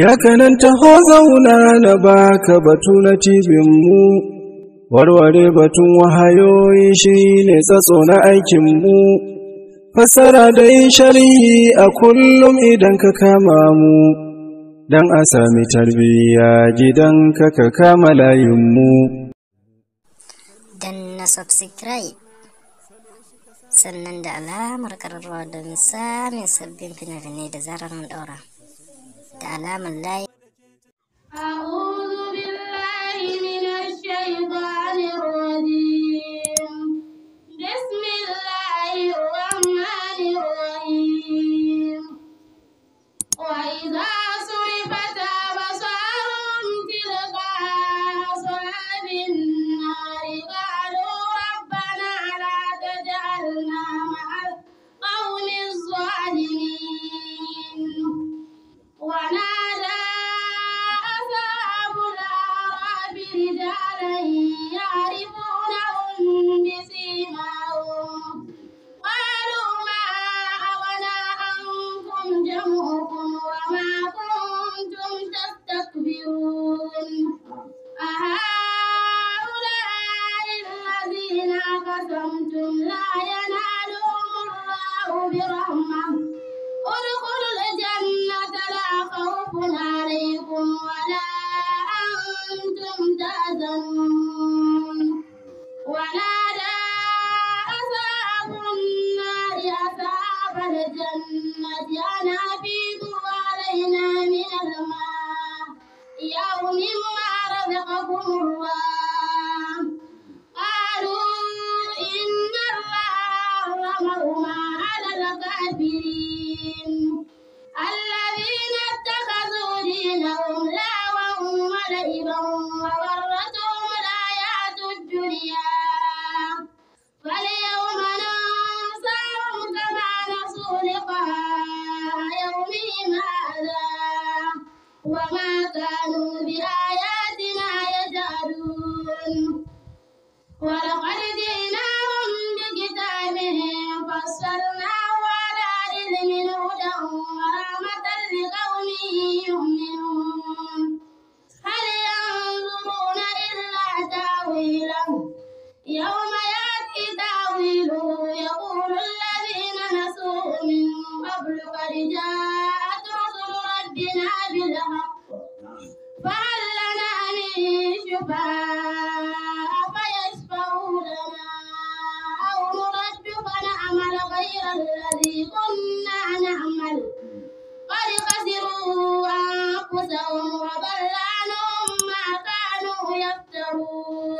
Ya kanan taho zauna na baka batu na mu. warware batun wahayoyi shi ne tsatso na aikinmu, fassara da yin sharhi a kullum idan ka kama mu, don a sami tarbiyya gidan ka ka kama layinmu. Don na subscribe. sannan da alamar kararrawa don samun sabbin fina da zarar mun daura. تعالى من لا قسمتم لا ينالهم الله برحمه مستكبرين الذين اتخذوا دينهم لاوا ولعبا وغرتهم الحياة الدنيا فاليوم ننصرهم كما نصوا لقاء يومهم هذا وما كانوا بآياتنا يجهلون الأسماء فيسبعون ما نرد فنعمل غير الذي كنا نعمل قد خسروا أنفسهم وضل عنهم ما كانوا يفترون